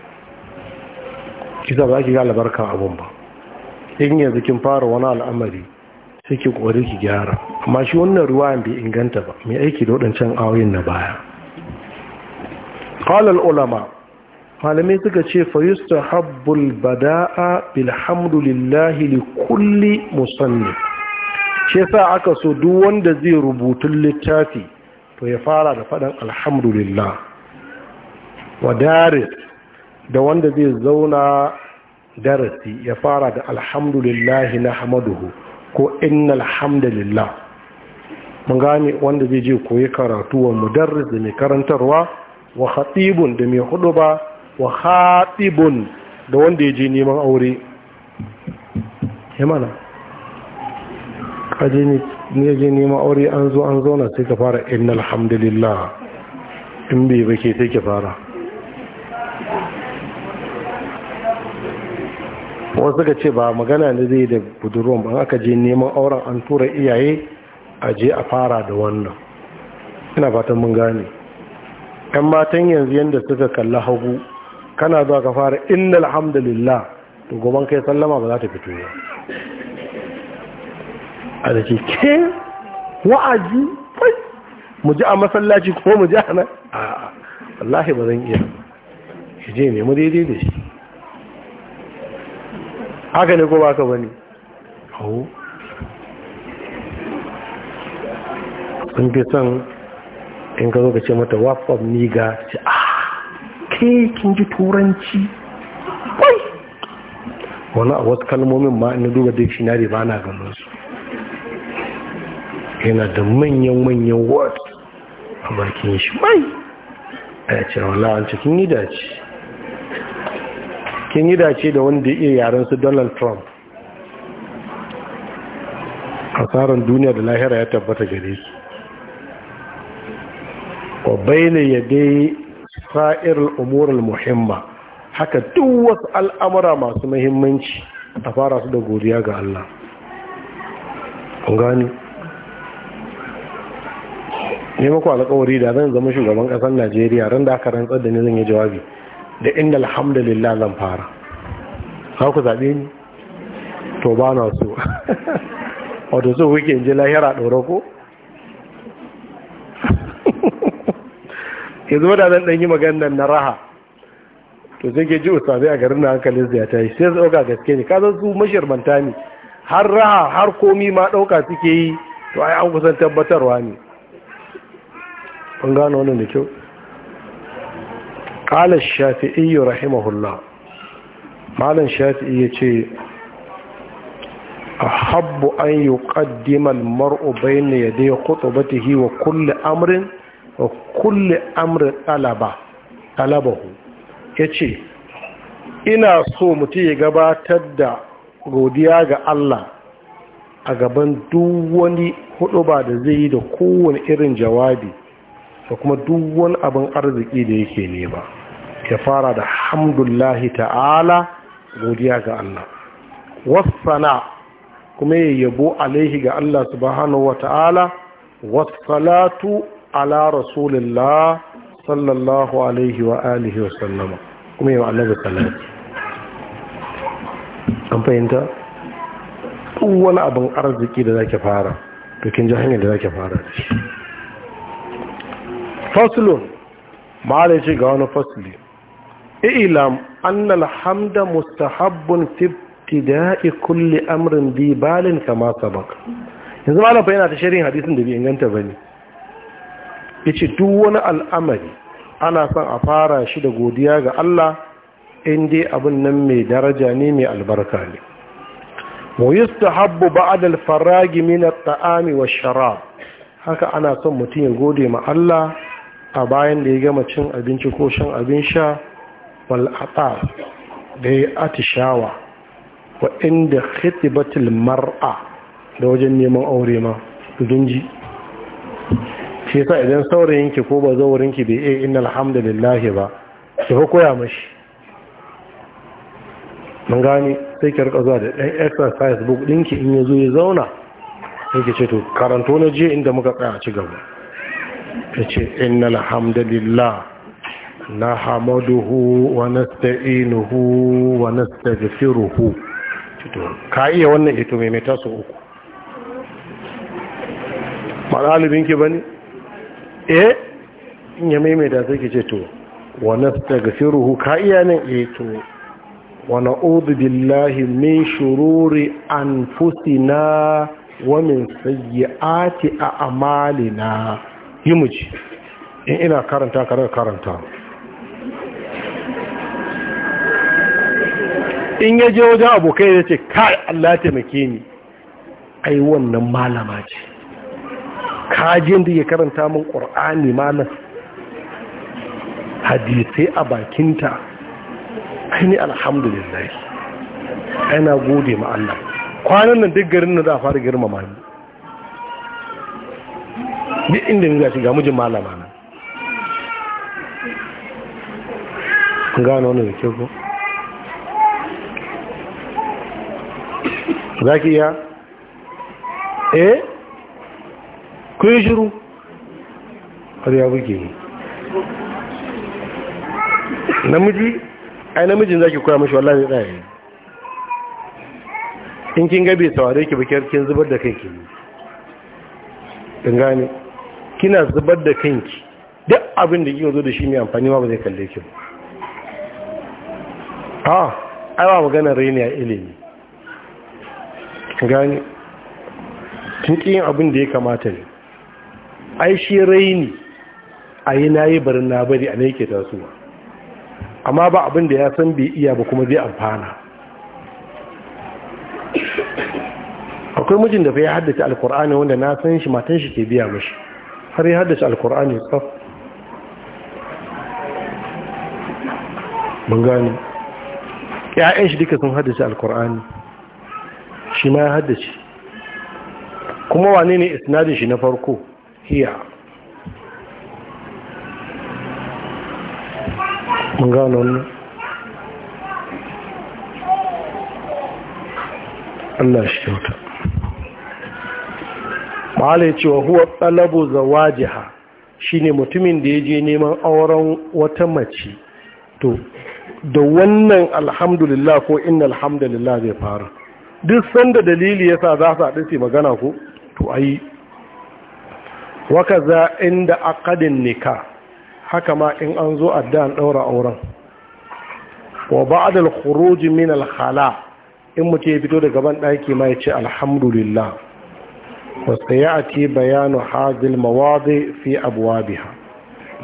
kisa ba ki ga albarka abun ba in yanzu kin fara wani al'amari sai ki kokari ki gyara amma shi wannan ruwayan bai inganta ba mai aiki da waɗancan awoyin na baya qala ulama malamai suka ce fa yustahabbul bada'a bilhamdulillahi li kulli musanni, shi yasa aka so duk wanda zai rubutun littafi to ya fara da faɗan alhamdulillah wa daris da wanda zai zauna darasi ya fara da alhamdulillahi na hamaduhu ko inna alhamdulillah mun gane wanda zai je koyi karatu wa mudarris da mai karantarwa wa khatibun da mai hudu ba wa khatibun da wanda ya je neman aure ya mana kaje ne je neman aure an zo an zauna sai ka fara inna alhamdulillah in bai ke sai ka fara wasu suka ce ba magana ne zai da budurwan ba aka je neman auren an tura iyaye a je a fara da wannan ina fatan mun gane yan matan yanzu yadda suka kalla hagu kana zuwa ka fara inna alhamdulillah to goban kai sallama ba za ta fito ba a da ke ke wa'azi mu ji a masallaci ko mu ji a nan a wallahi ba zan iya ya je nemi daidai da shi haka ne ko ba ka bane hau sun fi son in ka zo ka ce mata waffa ni ga ce a ah, ke kin ji turanci kwai wani a wasu kalmomin ma na duba dictionary ba na gano su yana da manyan-manyan words a bakin shi mai a ya wala an cikin yi dace kin yi dace da wanda ya iya yaren su donald trump asaran duniya da lahira ya tabbata gare su ko ya yadai sa'ir al-umur muhimma haka duk wasu al'amura masu muhimmanci a fara su da godiya ga Allah kun gani ne muku alƙawari da zan zama shugaban ƙasar Najeriya ran da aka rantsar da ni zan yi jawabi da inda alhamdulillah zan fara za ku zaɓe ni to ba na so wato so kuke inji lahira ɗora ko yanzu wadannan ɗan yi maganan na raha to sai ke ji ustazai a garin na hankalin da ya yi sai su ɗauka gaske ne kasan su mashirmanta ne har raha har komi ma ɗauka suke yi to ai an kusan tabbatarwa ne kun gano wannan da kyau qala shafi'i rahimahullah malan shafi'i yace ahabbu an yuqaddima almar'u bayna yaday khutbatihi wa kulli amrin wa kulli amri talaba talabahu yace ina so mutum ya gabatar da godiya ga Allah a gaban duk wani huduba da zai yi da kowane irin jawabi da kuma duk abin arziki da yake ne ba ya fara da hamdullahi ta'ala godiya ga Allah wassana kuma ya yabo alaihi ga Allah subhanahu wa ta'ala wassalatu ala rasulillah sallallahu alaihi wa alihi wa sallama kuma yau annabi salati. an fahimta duk wani abin arziki da zake fara dukkan kin ji hanyar da zake fara da shi faslun ma'ala ce ga wani fasli ilam annal hamda mustahabbun fi ibtida'i kulli amrin bi balin kama sabaq yanzu malam yana ta sharhin hadisin da bai inganta bane yace duk wani al'amari ana son a fara shi da godiya ga Allah in dai abin nan mai daraja ne mai albarka ne mu yustahabbu ba'da al-faragi min at-ta'ami wash-sharab haka ana son mutum ya gode ma Allah a bayan da ya gama cin abinci ko shan abin sha wal atar da ya atishawa wa inda mar'a da wajen neman aure ma dunji shi sa idan saurayinki ko ba zaurinki bai iya inna alhamdulillahi ba ki fa koya mashi mun gane sai ki rika zuwa da ɗan exercise book ɗinki in ya zo ya zauna sai ki ce to karanto na je inda muka tsaya ci gaba ta ce inna alhamdulillah نحمده ونستعينه ونستغفره كاية mai ايتو uku? سوكو malibin ki bane eh in ya maimaita sai ki ce to wa nastaghfiruhu ka iya nan eh to wa na'udhu billahi min shururi anfusina wa min sayyiati a'malina yimuji in ina karanta karanta karanta in ya je wajen abokai ya ce kai Allah taimake ni ai wannan malama ce kajin da ya karanta min ƙur'ani malam hadisai a bakinta aini alhamdulillah aina gode ma Allah kwanan nan duk garin na za a fara girmama ni ni inda ni za shiga mujin malama na gano wani da kyau za ki iya eh ku yi shiru har ya buke ne namiji ai namijin za ki kura mashi wallah ne tsaye in kin gabe saurare ki bakiyar kin zubar da kanki ɗin gane kina zubar da kanki duk abin da kika zo da shi mai amfani ma ba zai kalle ki ba a ah, ai ba magana raini a ilimi gani kin ƙi yin abin da ya kamata ne ai shi raini a yi na yi barin na bari a na yake tasowa amma ba abin da ya san bai iya ba kuma zai amfana akwai mijin da bai haddace alkur'ani wanda na san shi matan shi ke biya mashi har ya haddace alkur'ani tsaf ban gani ya'yan shi duka sun haddace alkur'ani shi ma ya haddace kuma wane ne isnadin shi na farko hiya Allah shi kyauta ma'ala ya ce wa huwa ɗalabo shi shine mutumin da ya je neman auren wata mace to da wannan alhamdulillah ko inna alhamdulillah zai faru duk sanda dalili yasa za su haɗu su magana ku, to ayi waka za inda akadin nika haka ma in an zo addan ɗaura auren wa ba'da al-khuruj min al-khala in mutum fito daga ban daki ma ya ce alhamdulillah wasu sayati bayanu hazil mawadi fi abuwa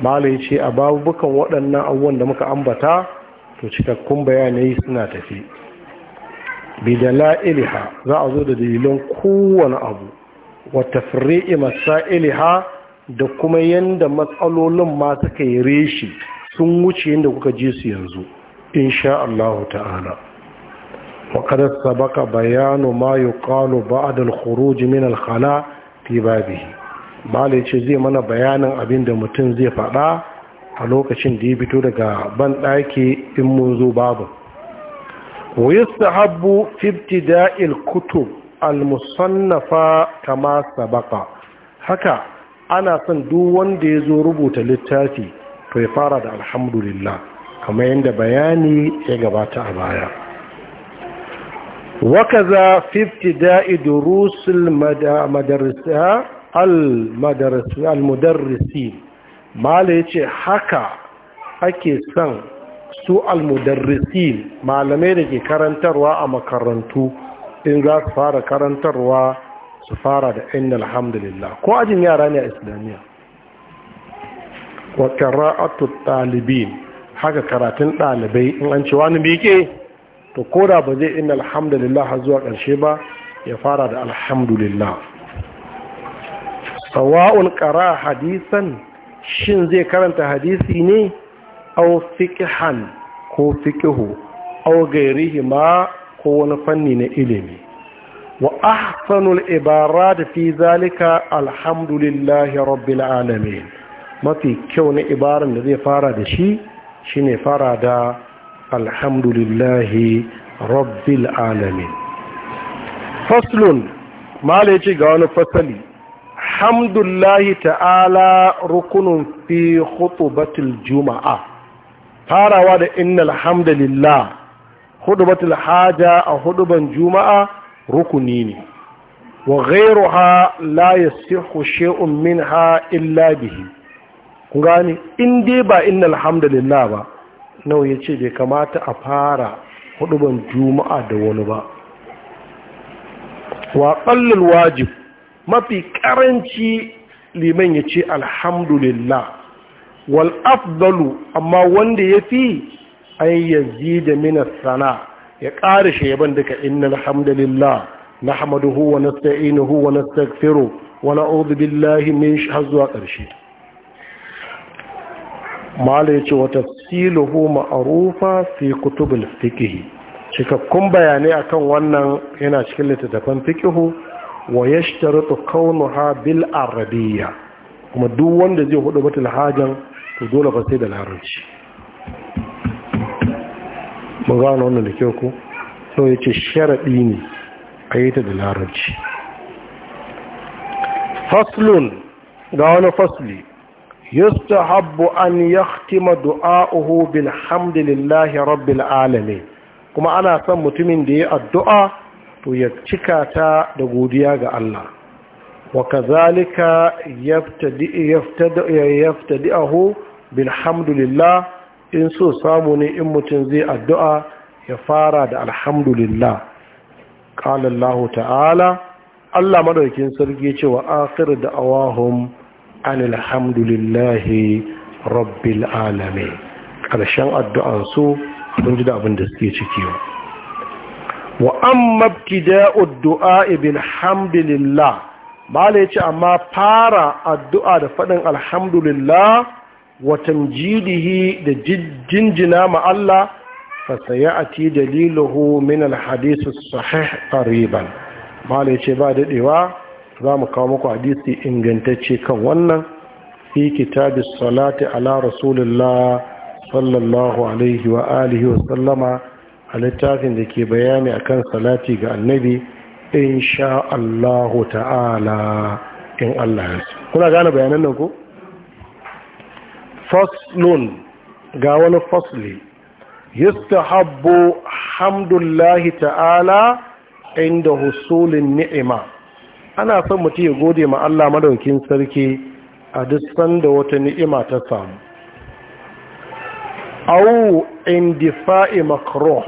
mala ya ce a babukan waɗannan abubuwan da muka ambata to cikakkun bayanai suna tafi bidala'iliha za a zo da dalilan kowane abu wata firi'i masa'iliha da kuma yadda matsalolin ma suka yi reshi sun wuce yadda kuka je su yanzu insha Allah ta'ala waƙadar sabaka bayanu ma yi ƙalo ba'adar khuruji min alkhala fi babihi malai ce zai mana bayanin abin da mutum zai faɗa a lokacin da ya fito daga banɗaki in mun zo babu ويستحب في ابتداء الكتب المصنفة كما سبق هكا أنا صندوان دي زوربو تلتاتي فيفارد الحمد لله كما عند بياني يقبات أبايا وكذا في ابتداء دروس المدرسة المدرسين ما ليش حكا ake son su almudarrisin malamai da ke karantarwa a makarantu in za su fara karantarwa su fara da inna alhamdulillah ko ajin yara ne a islamiyya wa qira'atu talibin haka karatun ɗalibai in an ce wani bike to da ba zai inna alhamdulillah har zuwa ƙarshe ba ya fara da alhamdulillah sawa'un qara hadisan shin zai karanta hadisi ne Au fiqhan ko fikihu au gairihi ma ko wani fanni na ilimi wa ahsanul da fi zalika alhamdulillahi rabbil alamin mafi kyau na ibaran da zai fara da shi shine fara da alhamdulillahi rabbil alamin faslun mala ce ga wani fasali hamdullahi ta'ala rukunin fi khutubatul juma'a farawa da innal hamdalillah hudubatul haja a huduban juma'a rukuni ne wa ha la yasihu shay'un minha illa bihi kun gane in dai ba innal hamdalillah ba nawa yace bai kamata a fara huduban juma'a da wani ba wa qallal wajib mafi karanci liman yace alhamdulillah wal afdalu amma wanda ya fi an yanzu da minas sana ya ƙara shayaban duka inna alhamdulillah na hamaduhu wa nasta'inuhu wa nastaghfiru wa na'udhu billahi min har zuwa ƙarshe mala yace wa tafsiluhu ma'rufa fi kutubin fikihi cikakkun bayanai akan wannan yana cikin littattafan fiqhu wa yashtaritu kaunuha bil arabiya kuma duk wanda zai hudu batul hajan to dole fa sai da larabci mun gano wannan da kyau ko sau ya ce sharaɗi ne a yi ta da larabci faslun ga wani fasli yustahabbu an yahtima du'a'uhu bilhamdulillahi rabbil alamin kuma ana son mutumin da ya addu'a to ya cika ta da godiya ga Allah wa kazalika ahu bilhamdulillah in so samu ne in mutum zai addu'a ya fara da alhamdulillah ƙalallahu ta'ala Allah maɗaukin sarki ce wa akhir da awahum an alhamdulillahi rabbil alame ƙarshen addu'ansu abin ji da abin da suke ciki wa an mabki da'uddu'a ibin hamdulillah ba la ce amma fara addu'a da faɗin alhamdulillah wa tamjidihi da jinjina ma Allah fa sayati daliluhu min alhadith sahih qariban malai ce ba daɗewa za mu kawo muku hadisi ingantacce kan wannan fi kitabis salati ala rasulillah sallallahu alaihi wa alihi wa sallama a littafin da ke bayani akan salati ga annabi insha Allah ta'ala in Allah ya kuna gane bayanan nan ko faslun ga wani fasli yustahabbu hamdullahi ta'ala inda husulin ni'ima ana son mutum ya gode ma Allah madaukin sarki a duk sanda wata ni'ima ta samu au indifa'i makruh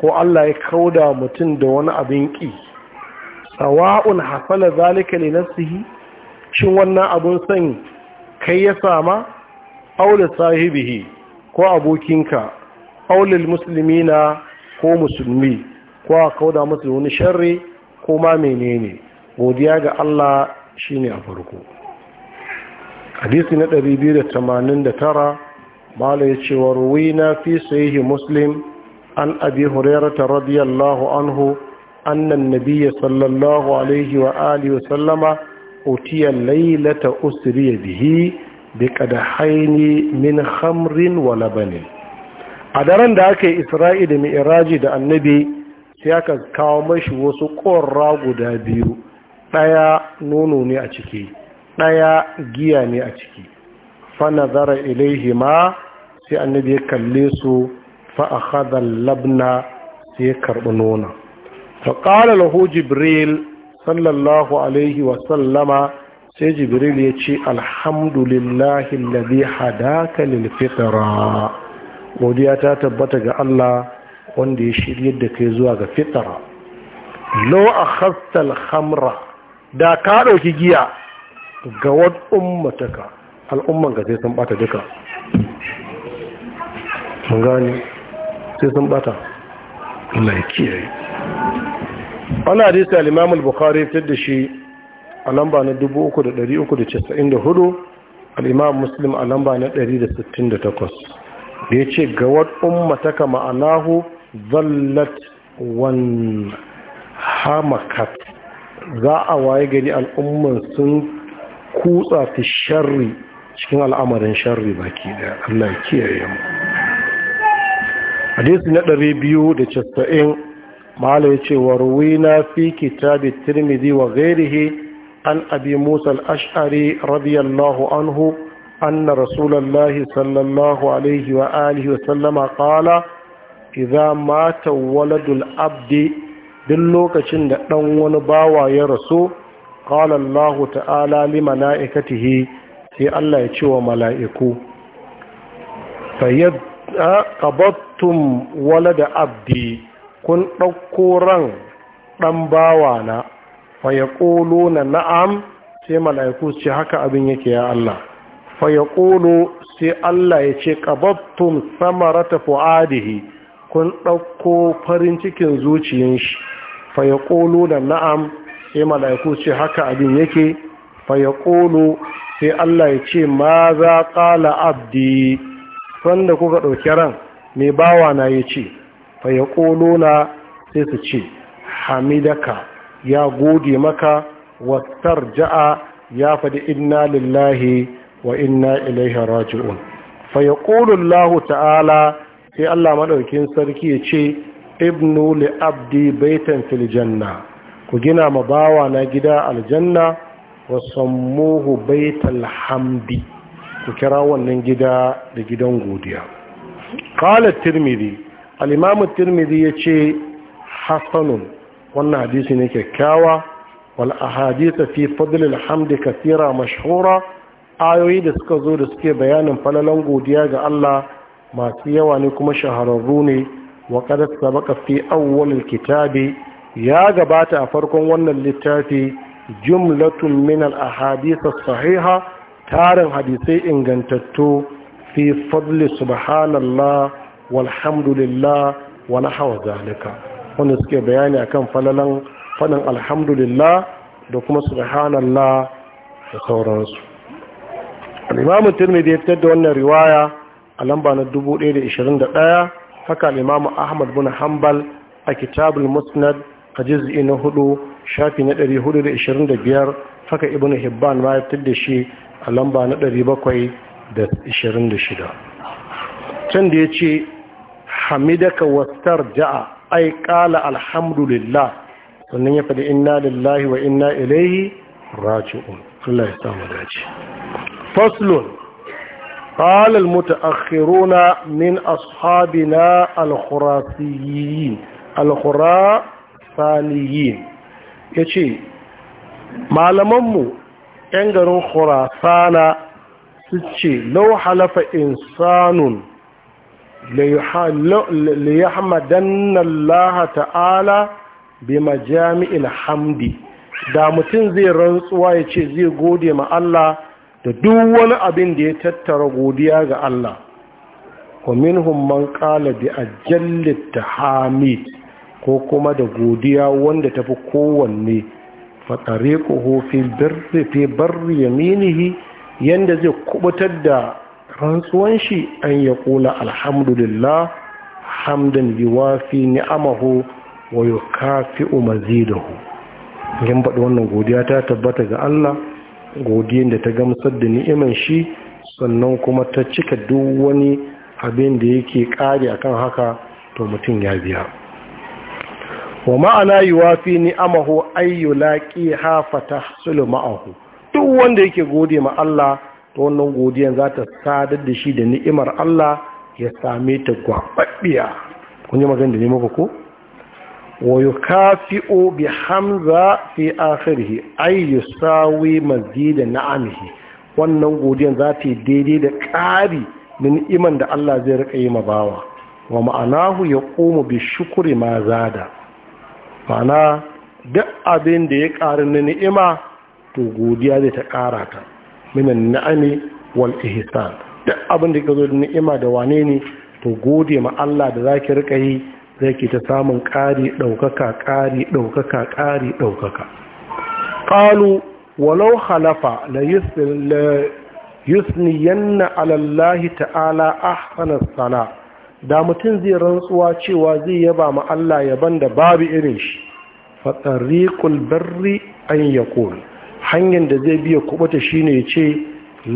ko Allah ya kauda mutum da wani abin ki sawa'un hasala zalika na nafsihi shin wannan abun san kai ya sama aulil sahibihi ko abokinka aulil na ko musulmi ko a kauda musu wani sharri ko ma menene godiya ga Allah shi ne a farko hadisi na 289 mala ya ce wa ruwina fi sahihi muslim an abi hurairata radiyallahu anhu annan nabiyya sallallahu alaihi wa alihi wa sallama utiya lailata usriya bihi bi qadahaini min hamrin wa labanin a daren da aka yi isra'il da mi'iraji da annabi sai aka kawo mashi wasu ƙorra guda biyu ɗaya nono ne a ciki ɗaya giya ne a ciki fanazara ilaihi ma sai annabi ya kalle su fa'akhadha labna sai ya karɓi nuna faƙalar lahu jibril sallallahu alaihi wasallama sai jibril ya ce alhamdulillahi lalazi hadaka lil fitra godiya ta tabbata ga Allah wanda ya shirye da kai zuwa ga fitra lo akhadta al-khamra da ka dauki giya ga wad ummataka al'umman ka sai sun bata duka mun gani sai sun bata Allah ya kiyaye wannan hadisi al-Imam al-Bukhari fitar da shi a lamba na 3,394 al'imam muslim a lamba na 168 da ya ce ga wat ummataka ma'anahu zallat wan hamakat za a waye gani al'ummar sun kutsa fi sharri cikin al'amarin sharri baki da Allah kiyaye mu hadisi na 290 mala yace na fi kitabi tirmidhi wa gairihi عن أبي موسى الأشعري رضي الله عنه أن رسول الله صلى الله عليه وآله وسلم قال إذا مات ولد العبد دلوك شند نون باوى يرسو قال الله تعالى لملائكته في الله يتشوى ملائكو فيد قبضتم ولد عبدي kun ɗauko ran ɗan bawana fa na na'am sai mala'iku ce haka abin yake ya Allah fa sai Allah ya ce qabattum samarata fuadihi kun ɗauko farin cikin zuciyin shi fa na na'am sai mala'iku ce haka abin yake fa sai Allah ya ce ma za ƙala abdi sanda kuka ɗauki ran mai bawa na ya ce fa na sai su ce hamidaka ya gode maka wattar ja'a ya faɗi inna lillahi wa inna ilaihi raji'un fa ya ta'ala sai Allah maɗaukin sarki ya ce ibnu li abdi baitan fil janna ku gina ma bawa na gida aljanna wa sammuhu baital hamdi ku kira wannan gida da gidan godiya qala tirmidhi al-imam tirmidhi yace hasanun wannan hadisi ne kyakkyawa wal ahadith fi fadl hamd kathira mashhura ayoyi da suka zo da suke bayanin falalan godiya ga Allah masu yawa ne kuma shahararru ne wa qad sabaqa fi awwal kitab ya gabata a farkon wannan littafi jumlatun min al ahadith sahiha tarin hadisai ingantattu fi fadl subhanallah walhamdulillah wa nahwa zalika wanda suke bayani akan falalan fadin alhamdulillah da kuma subhanallah da sauransu al'imamu tirmidhi ya fitar da wannan riwaya a lamba na 1021 haka al'imamu ahmad bin hanbal a kitabul musnad a jiz'i na hudu shafi na 425 haka ibn hibban ma ya fitar da shi a lamba na 726 can da ya ce hamidaka wastar ja'a ai qala alhamdulillah sannan ya faɗi inna lillahi wa inna ilaihi raji'un Allah ya samu dace faslun قال المتأخرون من أصحابنا الخراسيين garin يشي su ce lau سيشي لو liyahmadanna Allah ta'ala bi majami'il hamdi da mutum zai rantsuwa ya ce zai gode ma Allah da duk wani abin da ya tattara godiya ga Allah wa minhum man qala bi ajallit hamid ko kuma da godiya wanda tafi kowanne fa tariquhu fi birri fi barri yaminihi yanda zai kubutar da rantsuwan shi an ya kula alhamdulillah hamdan yiwafi ni'amahu wa yukafi'u mazidahu yin faɗi wannan godiya ta tabbata ga Allah godiyar da ta gamsar da ni'iman shi sannan kuma ta cika duk wani abin da yake ƙari akan haka to mutum ya biya wa ma'ana yuwafi ni'amahu ay yulaqiha ma'ahu duk wanda yake gode ma Allah ta wannan godiyan za ta sadar da shi da ni'imar Allah ya same ta gwaɓaɓɓiya kun yi magana da ne maka ko wa o bi hamza fi yi sawi mazi da na'amihi wannan godiyan za ta yi daidai da ƙari da ni'iman da Allah zai rika yi mabawa wa ma'anahu ya komo bi shukuri ma zada ma'ana duk abin da ya ƙari na ni'ima to godiya zai ta ƙara ta minan na'ami wal ihsan duk abin da ka zo da ni'ima da wane ne to gode ma Allah da zaki rika yi zaki ta samun ƙari ɗaukaka ƙari ɗaukaka ƙari ɗaukaka qalu walau khalafa la yanna ala Allah ta'ala ahsana sala da mutum zai rantsuwa cewa zai yaba ma Allah yaban da babu irin shi fa tariqul barri an yaqul hanyar da zai biya kubuta shine ya ce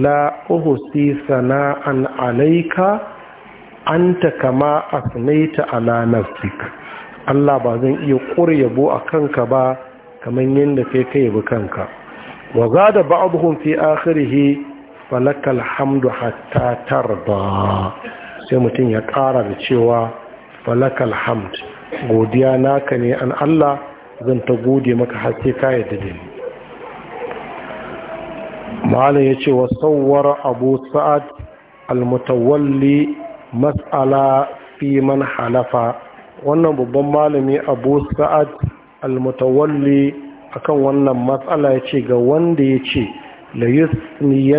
la uhusi sana'an alaika anta kama asnaita ala nafsik Allah ba zan iya ƙure yabo a kanka ba kamar yadda kai kai bi kanka wa zada ba'dhum fi akhirihi falakal hamdu hatta ba, sai mutum ya ƙara da cewa falakal hamd godiya naka ne an Allah zan ta gode maka har sai ka yarda da ni malam ya ce wa tsawar abu sa'ad almutawalli matsala fi man halafa wannan babban malami abu sa'ad almutawalli akan wannan matsala ya ce ga wanda ya ce la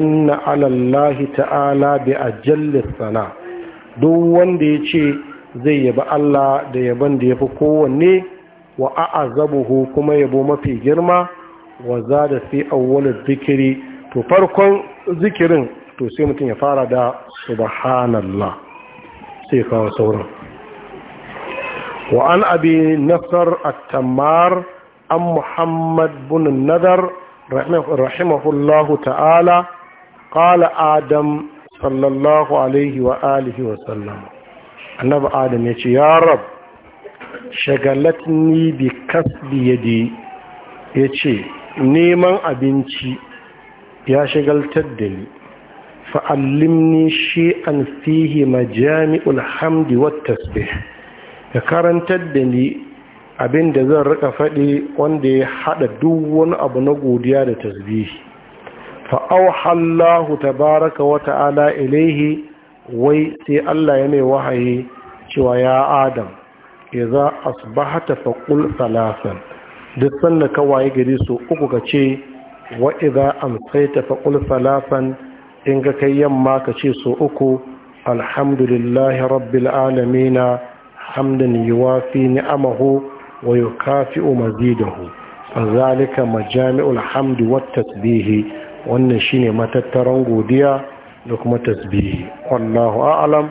na alallahi ta'ala bi ajallis sana duk wanda ya ce zai yaba Allah da yaban da ya fi kowanne wa a'azabuhu kuma yabo mafi girma wa za da sai awwalar zikiri to farkon zikirin to sai mutum ya fara da subhanallah sai kawo sauran wa an abi nasar attamar tammar an muhammad bin nadar rahimahullahu ta'ala qala adam sallallahu alaihi wa alihi wa sallam annabi adam ya ce ya rab shagalatni bi kasbi yadi ya ce neman abinci ya shagaltar da ni fa'allimni shi'an fihi majami'ul hamdi wata tasbih ka karantar da ni abin da zan rika faɗi wanda ya haɗa duk wani abu na godiya da tasbihi fa'auhallahu baraka wata ala ilaihi wai sai Allah ya mai wahayi cewa ya adam ya za a su ba hata faƙul salasan duk sannan kawai gari su uku ka ce Wa'iza idza amsayta fa in ga kai yamma ka ce so uku alhamdulillahi rabbil alamin hamdan wafi ni'amahu wa yukafi'u mazidahu fazalika majami'ul hamdi wat tasbih wannan shine matattaran godiya da kuma tasbihi. wallahu a'lam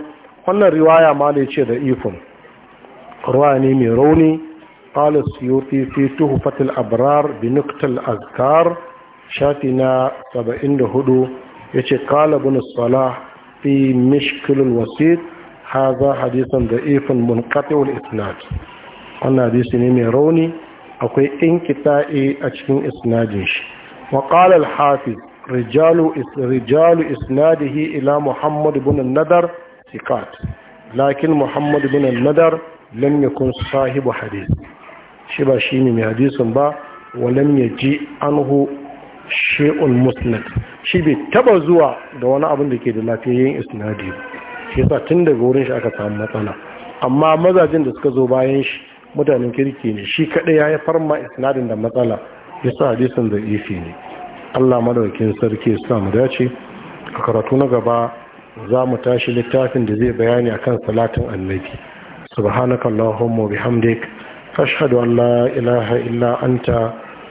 wannan riwaya ma da yace da ifun ruwa ne mai rauni qala suyuti fi tuhfatil abrar bi nuqtal azkar shafi na 74 ya ce kala bin salah fi mishkilul wasit haza hadisan da ifin munkatul isnad wannan hadisi ne mai rauni akwai inkita'i a cikin isnadin shi wa qala hafiz rijalu rijalu hi ila muhammad ibn nadar sikat lakin muhammad ibn nadar lam yakun sahibu hadith shi ba shine mai hadisin ba wa lam yaji anhu shi'ul musnad shi bai taba zuwa da wani abin da ke da lafiyayyen isnadi shi yasa tun daga wurin shi aka samu matsala amma mazajin da suka zo bayan shi mutanen kirki ne shi kaɗai ya yi farma isnadin da matsala yasa hadisin da ifi ne Allah madaukin sarki ya mu dace a karatu na gaba za mu tashi littafin da zai bayani akan salatin annabi subhanakallahumma bihamdik ashhadu an la ilaha illa anta